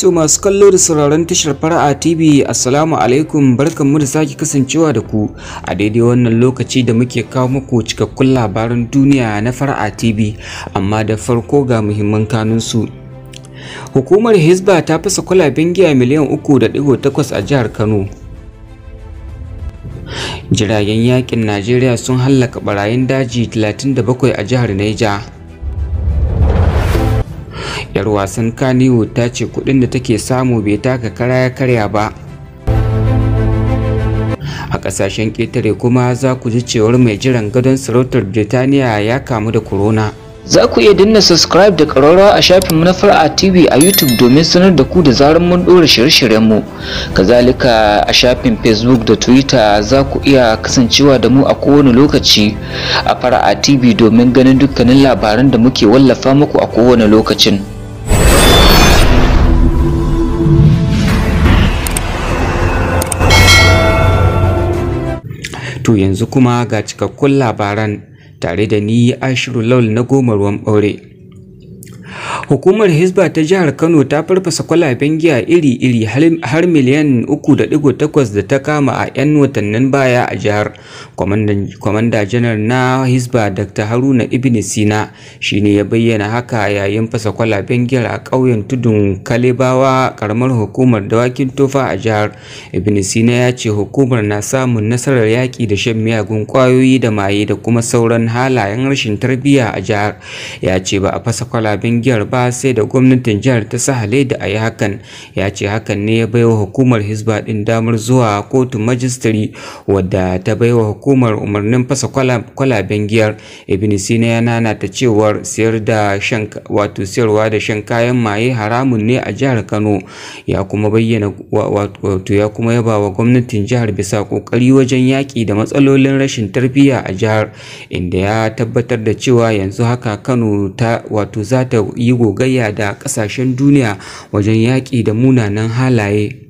To masu kallo da sauraron tashar fara'a TV Assalamu alaikum barkanmu da sake kasancewa da ku a daidai wannan lokaci da muke kawo muku cikakkun labaran duniya na fara'a TV amma da farko ga muhimman kanunsu. Hukumar hisba ta fasa kwalaben giya miliyan uku a jihar Kano. Jiragen yakin Najeriya sun hallaka barayin daji 37 a jihar Niger. yar wasan kaniwo ta ce kudin da take samu bai taka kara ya karya ba a kasashen ketare kuma za ku ji cewar mai jiran gadon sarautar birtaniya ya kamu da corona Za ku iya dinna subscribe da ƙararrawa a shafin na Far'a TV a YouTube domin sanar da ku da zarar mun ɗora shirye shiryen mu Kazalika a shafin Facebook da Twitter za ku iya kasancewa da mu a kowane lokaci a Far'a TV domin ganin dukkanin labaran da muke wallafa muku a kowane lokacin. To yanzu kuma ga cikakkun labaran tare da ni shiru laul na goma ruwan ɓaure. Hukumar Hisba ta jihar Kano ta farfasa kwalaben giya iri-iri har miliyan 3.8 da ta kama a 'yan watannin baya a jihar. Kwamanda janar na Hisba Dr. Haruna Ibn Sina shi ne ya bayyana haka yayin fasa kwalaben giyar a ƙauyen tudun Kalebawa karamar hukumar dawakin tofa a jihar. Ibn Sina ya ce hukumar na samun nasarar yaƙi da shan miyagun ƙwayoyi da maye da kuma sauran halayen rashin tarbiyya a jihar. Ya ce ba a fasa kwalaben giya jihar ba sai da gwamnatin jihar ta sahale da a yi hakan ya ce hakan ne ya baiwa hukumar hisba ɗin damar zuwa kotun majistare wadda ta baiwa hukumar umarnin fasa kwalaben giyar ibn sina ya nana ta cewar siyar da shan wato siyarwa da shan kayan maye haramun ne a jihar kano ya kuma bayyana wato ya kuma yaba wa gwamnatin jihar bisa kokari wajen yaƙi da matsalolin rashin tarbiyya a jihar inda ya tabbatar da cewa yanzu haka kano ta wato za ta yi gogayya da ƙasashen duniya wajen yaƙi da munanan halaye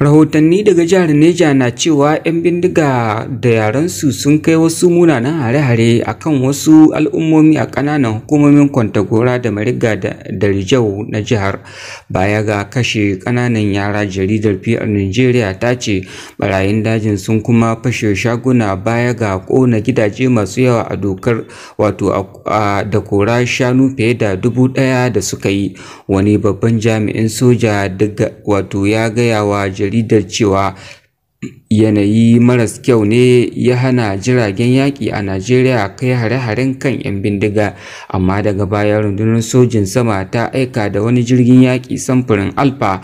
rahotanni daga jihar neja na cewa 'yan bindiga da yarensu sun kai wasu munanan hare-hare a kan wasu al'ummomi a ƙananan hukumomin kwantagora da mariga da rijau na jihar baya ga kashe kananan yara jaridar pr nigeria ta ce barayin dajin sun kuma fashe shaguna baya ga kona gidaje masu yawa a dokar wato da kora shanu fiye da dubu ɗaya da suka yi wani babban jami'in soja daga wato ya gaya wa jaridar cewa yanayi maras kyau ne ya hana jiragen yaƙi a najeriya kai hare-haren kan 'yan bindiga amma daga baya rundunar sojin sama ta aika da wani jirgin yaƙi samfurin alfa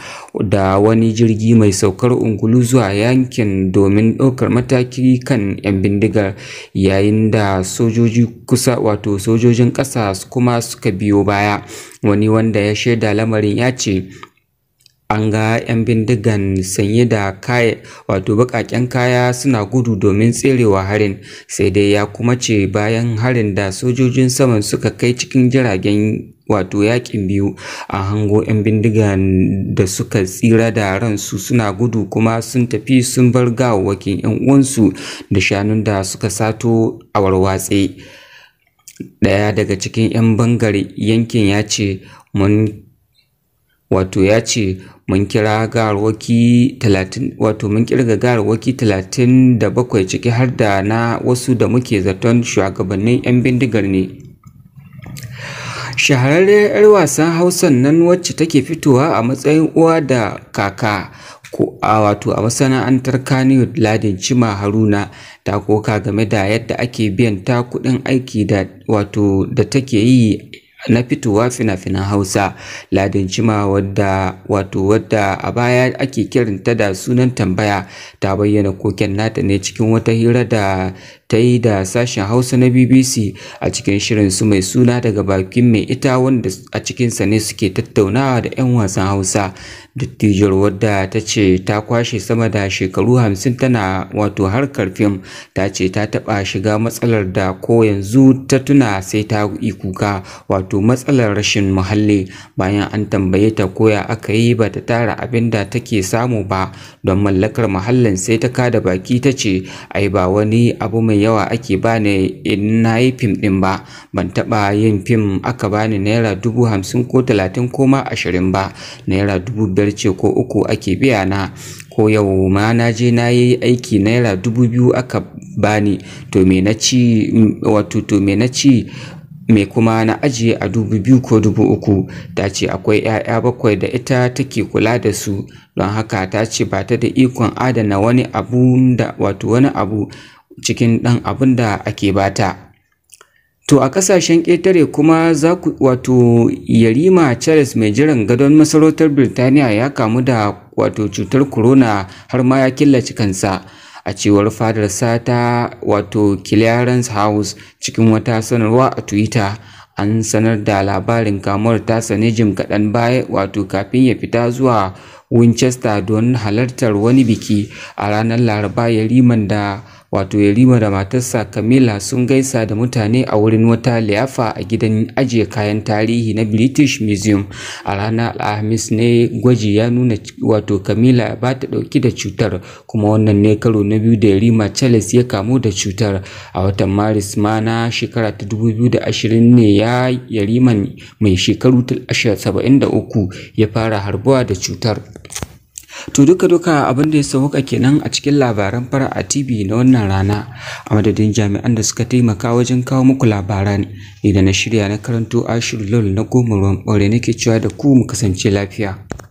da wani jirgi mai saukar ungulu zuwa yankin domin ɗaukar mataki kan 'yan bindigar yayin da sojoji kusa wato sojojin ƙasa kuma suka biyo baya wani wanda ya shaida lamarin ya ce an ga 'yan bindigan sanye da kaya wato baƙaƙen kaya suna gudu domin tserewa harin sai dai ya kuma ce bayan harin da sojojin saman suka kai cikin jiragen wato yakin biyu a hango 'yan bindigan da suka tsira da ransu suna gudu kuma sun tafi sun bar gawawakin 'yan uwansu da shanun da suka sato a warwatse daya daga cikin 'yan bangare yankin ya ce mun wato ya ce mun kira garwaki talatin talatin da bakwai ciki har da na wasu da muke zaton shugabannin 'yan bindigar ne shahararren 'yar wasan hausan nan wacce take fitowa a matsayin uwa da kaka ko a wato a masana'antar kaniwood ladin cima haruna ta koka game da yadda ake biyan ta kudin aiki da wato da take yi na fitowa fina-finan hausa ladin cima wadda wato wadda a baya ake kiranta da sunan tambaya ta bayyana koken nata ne cikin wata hira da ta yi da sashen hausa na bbc a cikin shirin su mai suna daga bakin mai ita wanda a cikinsa ne suke tattaunawa da 'yan wasan hausa dattijar wadda ta ce ta kwashe sama da shekaru hamsin tana wato harkar fim ta ce ta taɓa shiga matsalar da ko yanzu ta tuna sai ta yi kuka wato matsalar rashin muhalli bayan an tambaye ta koya aka yi ba ta tara abin da take samu ba don mallakar muhallin sai ta kada baki ta ce ai ba wani abu mai yawa ake bani in na yi fim ɗin ba ban taɓa yin fim aka bani naira dubu hamsin ko talatin ko ma ashirin ba naira dubu biyar ce ko uku ake biya na ko yau ma na je na yi aiki naira dubu biyu aka bani to me na ci wato to me na ci me kuma na ajiye a dubu biyu ko dubu uku ta ce akwai 'ya'ya bakwai da ita take kula da su don haka ta ce ba ta da ikon adana wani abu da wato wani abu cikin ɗan abin da ake bata to a ƙasashen ƙetare kuma za ku wato yarima charles mai jiran gadon masarautar birtaniya ya kamu da wato cutar corona har ma ya killace kansa a cewar fadar sata wato clearance house cikin wata sanarwa a twitter an sanar da labarin kamuwar tasa ne jim kaɗan baya wato kafin ya fita zuwa winchester don halartar wani biki a ranar laraba yariman da wato yarima da matarsa camilla sun gaisa da mutane a wurin wata liyafa a gidan ajiye kayan tarihi na british museum a ranar alhamis ne gwaji ya nuna wato camilla ba ta ɗauki da cutar kuma wannan ne karo na biyu da yarima charles ya kamu da cutar a watan maris ma na shekara ta 2020 ne ya yariman mai shekaru 73 ya fara harbuwa da cutar to duka duka abin da ya sauka kenan a cikin labaran fara a tv na wannan rana a madadin jami'an da suka taimaka wajen kawo muku labaran idan na shirya na karanto ashirin lol na goma ruwan ɓaure nake cewa da ku mu kasance lafiya